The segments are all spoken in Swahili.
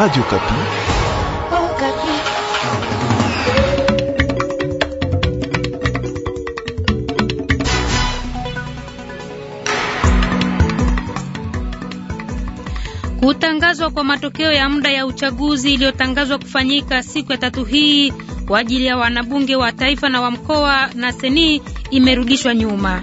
Radio Kapi. Oh, Kapi. Kutangazwa kwa matokeo ya muda ya uchaguzi iliyotangazwa kufanyika siku ya tatu hii kwa ajili ya wanabunge wa taifa na wa mkoa na seni imerudishwa nyuma.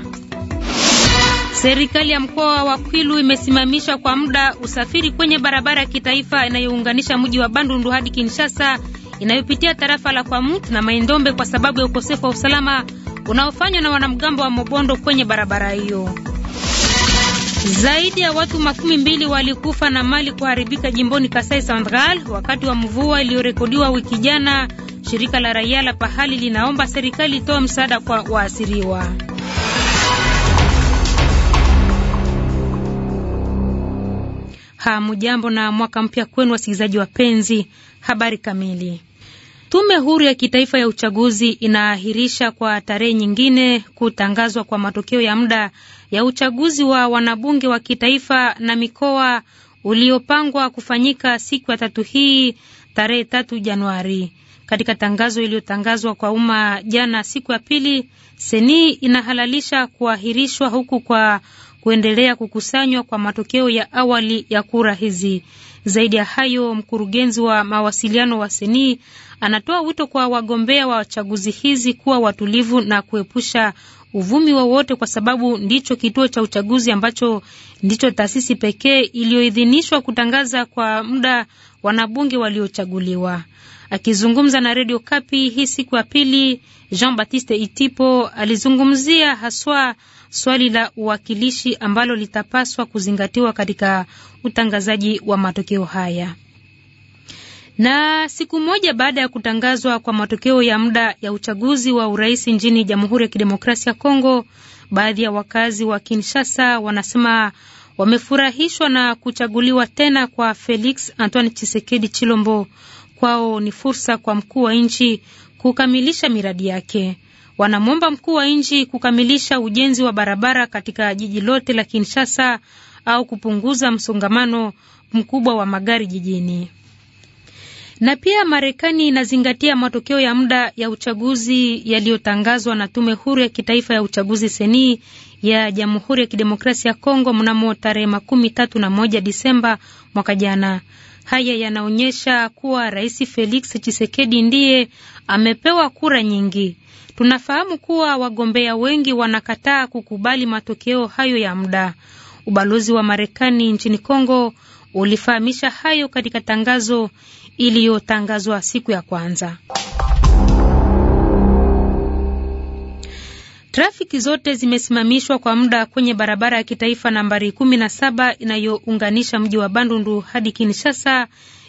Serikali ya mkoa wa Kwilu imesimamisha kwa muda usafiri kwenye barabara ya kitaifa inayounganisha mji wa Bandundu hadi Kinshasa inayopitia tarafa la kwamut na Maindombe kwa sababu ya ukosefu wa usalama unaofanywa na wanamgambo wa Mobondo kwenye barabara hiyo. Zaidi ya watu makumi mbili walikufa na mali kuharibika jimboni Kasai Central wakati wa mvua iliyorekodiwa wiki jana. Shirika la raia la pahali linaomba serikali itoe msaada kwa waasiriwa. Hamujambo na mwaka mpya kwenu, wasikilizaji wapenzi. Habari kamili. Tume huru ya kitaifa ya uchaguzi inaahirisha kwa tarehe nyingine kutangazwa kwa matokeo ya muda ya uchaguzi wa wanabunge wa kitaifa na mikoa uliopangwa kufanyika siku ya tatu hii tarehe tatu Januari. Katika tangazo iliyotangazwa kwa umma jana siku ya pili, Seni inahalalisha kuahirishwa huku kwa kuendelea kukusanywa kwa matokeo ya awali ya kura hizi. Zaidi ya hayo, mkurugenzi wa mawasiliano wa Senii anatoa wito kwa wagombea wa chaguzi hizi kuwa watulivu na kuepusha uvumi wowote, kwa sababu ndicho kituo cha uchaguzi ambacho ndicho taasisi pekee iliyoidhinishwa kutangaza kwa muda wanabunge waliochaguliwa. Akizungumza na redio Kapi hii siku ya pili, Jean Baptiste Itipo alizungumzia haswa swali la uwakilishi ambalo litapaswa kuzingatiwa katika utangazaji wa matokeo haya. Na siku moja baada ya kutangazwa kwa matokeo ya muda ya uchaguzi wa urais nchini Jamhuri ya Kidemokrasia ya Kongo, baadhi ya wakazi wa Kinshasa wanasema wamefurahishwa na kuchaguliwa tena kwa Felix Antoine chisekedi Chilombo kwao ni fursa kwa mkuu wa nchi kukamilisha miradi yake. Wanamwomba mkuu wa nchi kukamilisha ujenzi wa barabara katika jiji lote la Kinshasa au kupunguza msongamano mkubwa wa magari jijini. Na pia Marekani inazingatia matokeo ya muda ya uchaguzi yaliyotangazwa na tume huru ya kitaifa ya uchaguzi seni ya Jamhuri ya Kidemokrasia ya Kongo mnamo tarehe makumi tatu na moja Disemba mwaka jana. Haya yanaonyesha kuwa Rais Felix Tshisekedi ndiye amepewa kura nyingi. Tunafahamu kuwa wagombea wengi wanakataa kukubali matokeo hayo ya muda. Ubalozi wa Marekani nchini Kongo ulifahamisha hayo katika tangazo iliyotangazwa siku ya kwanza. Trafiki zote zimesimamishwa kwa muda kwenye barabara ya kitaifa nambari kumi na saba inayounganisha mji wa Bandundu hadi Kinshasa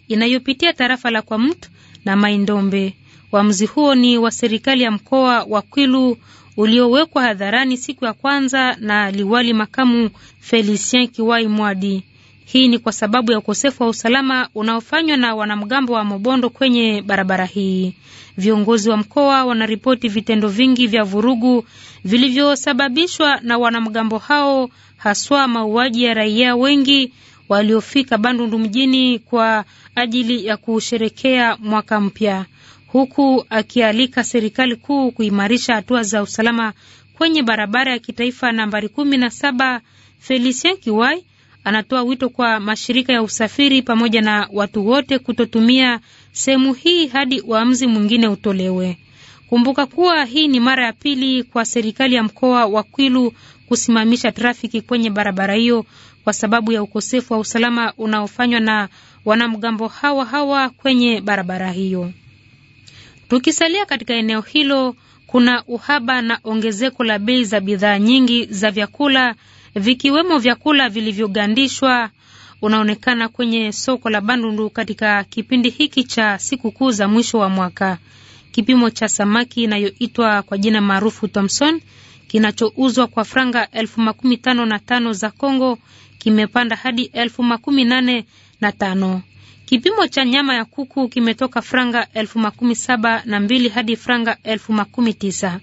inayopitia tarafa la Kwamut na Maindombe. Uamuzi huo ni wa serikali ya mkoa wa Kwilu uliowekwa hadharani siku ya kwanza na liwali makamu Felicien Kiwai Mwadi. Hii ni kwa sababu ya ukosefu wa usalama unaofanywa na wanamgambo wa Mobondo kwenye barabara hii. Viongozi wa mkoa wanaripoti vitendo vingi vya vurugu vilivyosababishwa na wanamgambo hao, haswa mauaji ya raia wengi waliofika Bandundu mjini kwa ajili ya kusherekea mwaka mpya, huku akialika serikali kuu kuimarisha hatua za usalama kwenye barabara ya kitaifa nambari kumi na saba Felicien Kiwai anatoa wito kwa mashirika ya usafiri pamoja na watu wote kutotumia sehemu hii hadi uamuzi mwingine utolewe. Kumbuka kuwa hii ni mara ya pili kwa serikali ya mkoa wa Kwilu kusimamisha trafiki kwenye barabara hiyo kwa sababu ya ukosefu wa usalama unaofanywa na wanamgambo hawa hawa kwenye barabara hiyo. Tukisalia katika eneo hilo, kuna uhaba na ongezeko la bei za bidhaa nyingi za vyakula vikiwemo vyakula vilivyogandishwa unaonekana kwenye soko la Bandundu katika kipindi hiki cha sikukuu za mwisho wa mwaka. Kipimo cha samaki inayoitwa kwa jina maarufu Thomson kinachouzwa kwa franga elfu makumi tano na tano za Congo kimepanda hadi elfu makumi nane na tano. Kipimo cha nyama ya kuku kimetoka franga elfu makumi saba na mbili hadi franga elfu makumi tisa.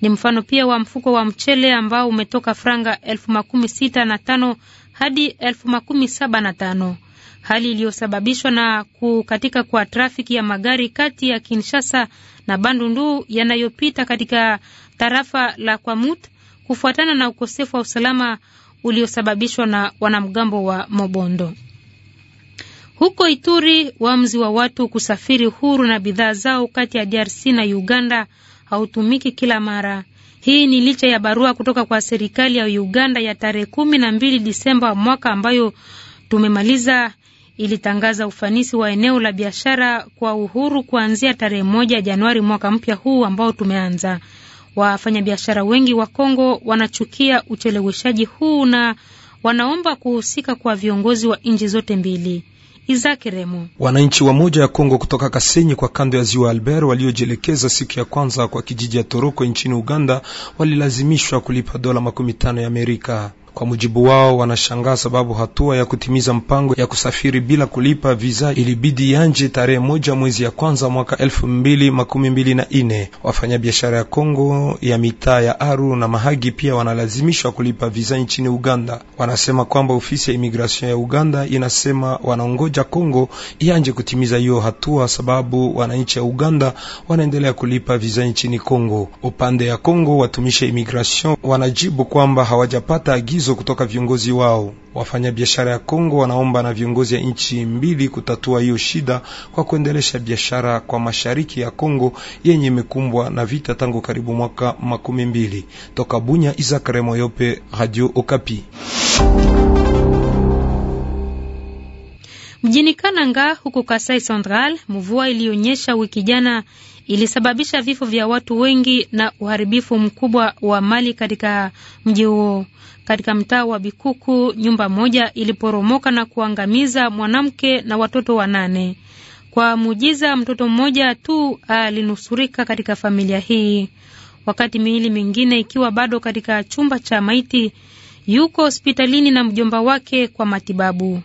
Ni mfano pia wa mfuko wa mchele ambao umetoka franga elfu makumi sita na tano hadi elfu makumi saba na tano hali iliyosababishwa na kukatika kwa trafiki ya magari kati ya Kinshasa na Bandundu yanayopita katika tarafa la Kwamut kufuatana na ukosefu wa usalama uliosababishwa na wanamgambo wa Mobondo. Huko Ituri, uamuzi wa watu kusafiri huru na bidhaa zao kati ya DRC na Uganda hautumiki kila mara. Hii ni licha ya barua kutoka kwa serikali ya Uganda ya tarehe kumi na mbili Disemba mwaka ambayo tumemaliza ilitangaza ufanisi wa eneo la biashara kwa uhuru kuanzia tarehe moja Januari mwaka mpya huu ambao tumeanza. Wafanyabiashara wengi wa Kongo wanachukia ucheleweshaji huu na wanaomba kuhusika kwa viongozi wa nchi zote mbili. Izaki Remu. Wananchi wa moja ya Kongo kutoka Kasenyi kwa kando ya ziwa Albert waliojielekeza siku ya kwanza kwa kijiji ya Toroko nchini Uganda walilazimishwa kulipa dola makumi tano ya Amerika. Kwa mujibu wao, wanashangaa sababu hatua ya kutimiza mpango ya kusafiri bila kulipa viza ilibidi yanje tarehe moja mwezi ya kwanza mwaka elfu mbili makumi mbili na ine. Wafanyabiashara ya Kongo ya mitaa ya Aru na Mahagi pia wanalazimishwa kulipa viza nchini Uganda. Wanasema kwamba ofisi ya imigrasion ya Uganda inasema wanaongoja Kongo yanje kutimiza hiyo hatua, sababu wananchi ya Uganda wanaendelea kulipa viza nchini Kongo. Upande ya Kongo ya imigrasion wanajibu kwamba hawajapata agizo shinikizo kutoka viongozi wao. Wafanyabiashara ya Kongo wanaomba na viongozi ya nchi mbili kutatua hiyo shida kwa kuendelesha biashara kwa mashariki ya Kongo yenye imekumbwa na vita tangu karibu mwaka makumi mbili. Toka Bunya, Izakare Moyope, Radio Okapi. Mjini Kananga huko Kasai Central, mvua iliyonyesha wiki jana ilisababisha vifo vya watu wengi na uharibifu mkubwa wa mali katika mji huo. Katika mtaa wa Bikuku, nyumba moja iliporomoka na kuangamiza mwanamke na watoto wanane. Kwa mujiza, mtoto mmoja tu alinusurika katika familia hii, wakati miili mingine ikiwa bado katika chumba cha maiti. Yuko hospitalini na mjomba wake kwa matibabu.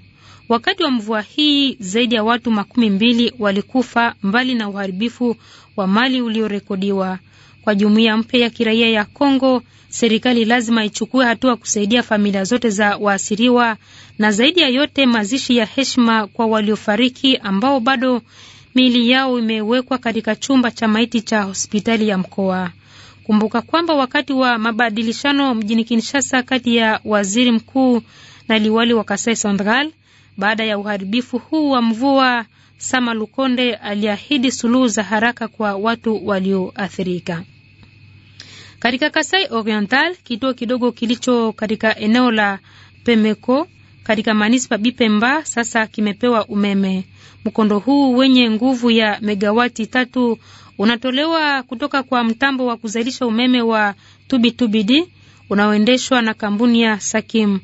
Wakati wa mvua hii zaidi ya watu makumi mbili walikufa mbali na uharibifu wa mali uliorekodiwa. Kwa jumuiya mpya ya kiraia ya Kongo, serikali lazima ichukue hatua kusaidia familia zote za waasiriwa na zaidi ya yote mazishi ya heshima kwa waliofariki ambao bado miili yao imewekwa katika chumba cha maiti cha hospitali ya mkoa. Kumbuka kwamba wakati wa mabadilishano mjini Kinshasa kati ya waziri mkuu na liwali wa Kasai Central baada ya uharibifu huu wa mvua, Sama Lukonde aliahidi suluhu za haraka kwa watu walioathirika. Katika Kasai Oriental, kituo kidogo kilicho katika eneo la Pemeko katika manispa Bipemba sasa kimepewa umeme. Mkondo huu wenye nguvu ya megawati tatu unatolewa kutoka kwa mtambo wa kuzalisha umeme wa Tubitubidi unaoendeshwa na kampuni ya Sakim.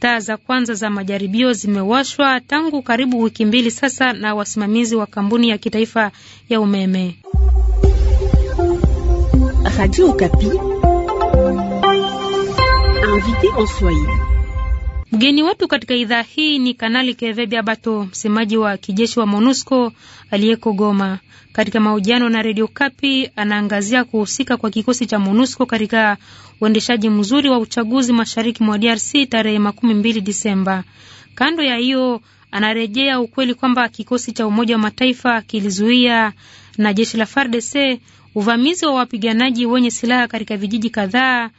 Taa za kwanza za majaribio zimewashwa tangu karibu wiki mbili sasa na wasimamizi wa kampuni ya kitaifa ya umeme. Radio Okapi. Invité en Swahili. Mgeni wetu katika idhaa hii ni Kanali Kevebia Bato, msemaji wa kijeshi wa MONUSCO aliyeko Goma. Katika mahojiano na Redio Kapi, anaangazia kuhusika kwa kikosi cha MONUSCO katika uendeshaji mzuri wa uchaguzi mashariki mwa DRC tarehe makumi mbili Disemba. Kando ya hiyo, anarejea ukweli kwamba kikosi cha Umoja wa Mataifa kilizuia na jeshi la FARDC uvamizi wa wapiganaji wenye silaha katika vijiji kadhaa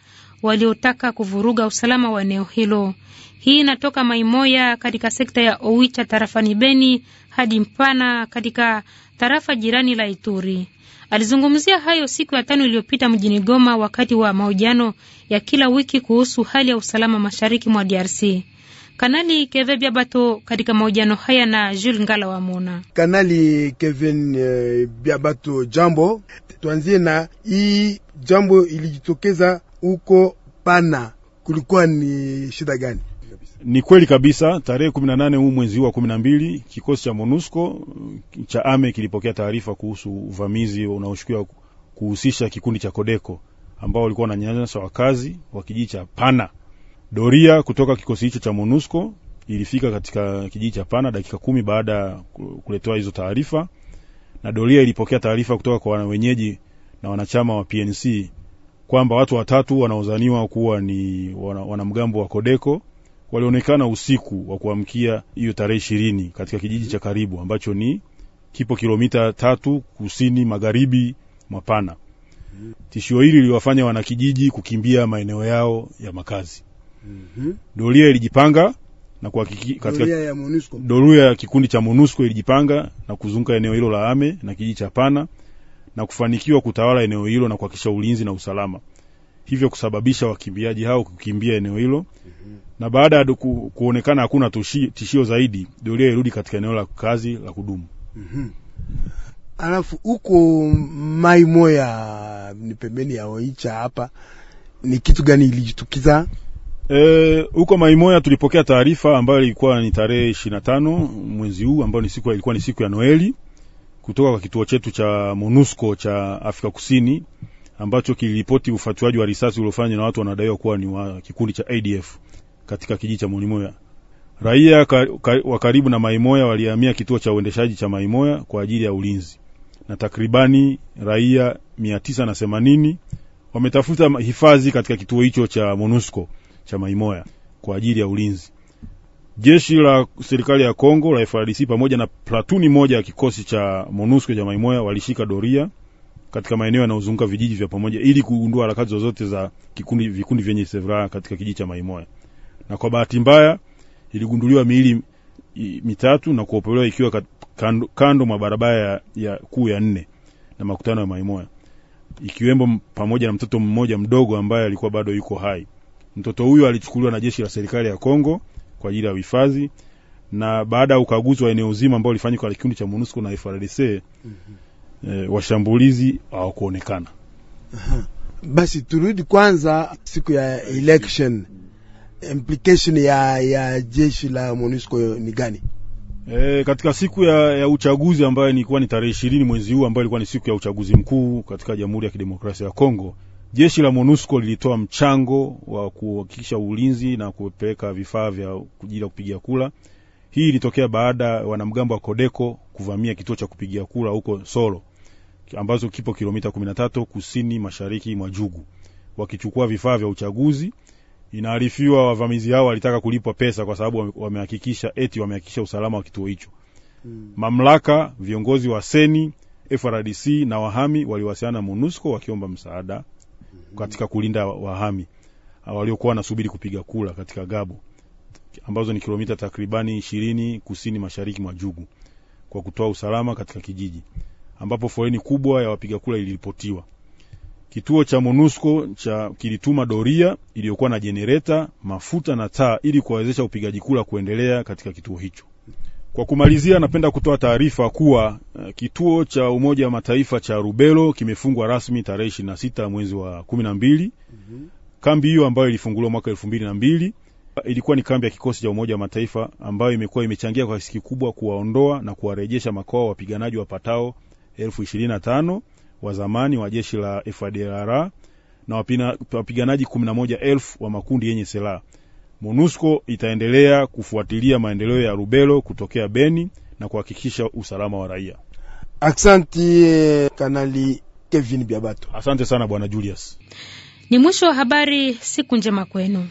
waliotaka kuvuruga usalama wa eneo hilo. Hii inatoka Maimoya katika sekta ya Owicha tarafani Beni hadi Mpana katika tarafa jirani la Ituri. Alizungumzia hayo siku ya tano iliyopita mjini Goma wakati wa mahojiano ya kila wiki kuhusu hali ya usalama mashariki mwa DRC. Kanali Kevin Biabato katika mahojiano haya na Jules Ngala wa Mona. Kanali Kevin uh, eh, Biabato, jambo. Tuanzie na hii jambo ilijitokeza huko Pana, kulikuwa ni shida gani? Ni kweli kabisa, tarehe 18 huu mwezi huu wa 12 kikosi cha MONUSCO eh, cha ame kilipokea taarifa kuhusu uvamizi unaoshukiwa kuhusisha kikundi cha Kodeko ambao walikuwa wananyanyasa wakazi wa kijiji cha Pana. Doria kutoka kikosi hicho cha MONUSCO ilifika katika kijiji cha Pana dakika kumi baada ya kuletewa hizo taarifa, na doria ilipokea taarifa kutoka kwa wenyeji na wanachama wa PNC kwamba watu watatu wanaozaniwa kuwa ni wanamgambo wa Kodeko walionekana usiku wa kuamkia hiyo tarehe ishirini katika kijiji cha karibu ambacho ni kipo kilomita tatu kusini magharibi mwa Pana. Tishio hili liliwafanya wanakijiji kukimbia maeneo yao ya makazi. Mhm. Doria ilijipanga na kuhakiki, katika doria ya MONUSCO, doria ya kikundi cha MONUSCO ilijipanga na kuzunguka eneo hilo la Ame na kijiji cha Pana na kufanikiwa kutawala eneo hilo na kuhakikisha ulinzi na usalama hivyo kusababisha wakimbiaji hao kukimbia eneo hilo mm-hmm. na baada ya ku, kuonekana hakuna tishio zaidi, doria irudi katika eneo la kazi la kudumu mm-hmm. Alafu huko mai moya ni pembeni ya Oicha hapa, ni kitu gani ilijitukiza e, huko e, Maimoya? Tulipokea taarifa ambayo ilikuwa ni tarehe ishirini na tano mwezi huu ambayo ni siku, ilikuwa ni siku ya Noeli kutoka kwa kituo chetu cha MONUSCO cha Afrika Kusini ambacho kiliripoti ufatuaji wa risasi uliofanywa na watu wanadaiwa kuwa ni wa kikundi cha ADF katika kijiji cha Monimoya. Raia wa karibu na Maimoya walihamia kituo cha uendeshaji cha Maimoya kwa ajili ya ulinzi, na takribani raia 980 wametafuta hifadhi katika kituo hicho cha MONUSCO cha Maimoya kwa ajili ya ulinzi. Jeshi la serikali ya Kongo la FARDC pamoja na platuni moja ya kikosi cha MONUSCO cha Maimoya walishika doria katika maeneo yanayozunguka vijiji vya pamoja ili kugundua harakati zozote za kikundi, vikundi vyenye silaha katika kijiji cha Maimoya, na kwa bahati mbaya iligunduliwa miili mitatu na kuopolewa ikiwa kando, kando mwa barabara ya ya kuu ya nne na makutano ya Maimoya, ikiwemo pamoja na mtoto mmoja mdogo ambaye alikuwa bado yuko hai. Mtoto huyo alichukuliwa na jeshi la serikali ya Kongo kwa ajili ya uhifadhi na baada ya ukaguzi wa eneo zima ambao ulifanywa kwa kikundi cha MONUSCO na FARDC mm -hmm e, washambulizi hawakuonekana. Basi turudi kwanza siku ya election, implication ya, ya jeshi la MONUSCO ni gani? E, katika siku ya, ya uchaguzi ambayo ilikuwa ni tarehe ishirini mwezi huu ambayo ilikuwa ni siku ya uchaguzi mkuu katika Jamhuri ya Kidemokrasia ya Kongo, jeshi la MONUSCO lilitoa mchango wa kuhakikisha ulinzi na kupeleka vifaa vya kujira kupigia kula. Hii ilitokea baada ya wanamgambo wa Kodeko kuvamia kituo cha kupigia kula huko Solo ambazo kipo kilomita 13 kusini mashariki mwa Jugu, wakichukua vifaa vya uchaguzi. Inaarifiwa wavamizi hao walitaka kulipwa pesa kwa sababu wamehakikisha eti wamehakikisha usalama wa kituo hicho. Hmm. Mamlaka, viongozi wa seni FRDC na wahami waliwasiliana na MONUSCO wakiomba msaada hmm. katika kulinda wahami ah, waliokuwa wanasubiri kupiga kura katika Gabo ambazo ni kilomita takribani ishirini kusini mashariki mwa Jugu kwa kutoa usalama katika kijiji ambapo foleni kubwa ya wapiga kura iliripotiwa. Kituo cha MONUSCO cha kilituma doria iliyokuwa na jenereta, mafuta na taa ili kuwawezesha upigaji kura kuendelea katika kituo hicho. Kwa kumalizia, napenda kutoa taarifa kuwa eh, kituo cha Umoja wa Mataifa cha Rubelo kimefungwa rasmi tarehe 26 mwezi wa 12. Mm-hmm. Kambi hiyo ambayo ilifunguliwa mwaka 2002 eh, ilikuwa ni kambi ya kikosi cha Umoja wa Mataifa ambayo imekuwa imechangia kwa kiasi kikubwa kuwaondoa na kuwarejesha makao wapiganaji wapatao elfu wa zamani wa jeshi la FDLR na wapiganaji 11000 wa makundi yenye silaha. MONUSCO itaendelea kufuatilia maendeleo ya Rubelo kutokea Beni na kuhakikisha usalama wa raia. Aksanti Kanali Kevin Biabato. Asante sana Bwana Julius. Ni mwisho wa habari. Siku njema kwenu.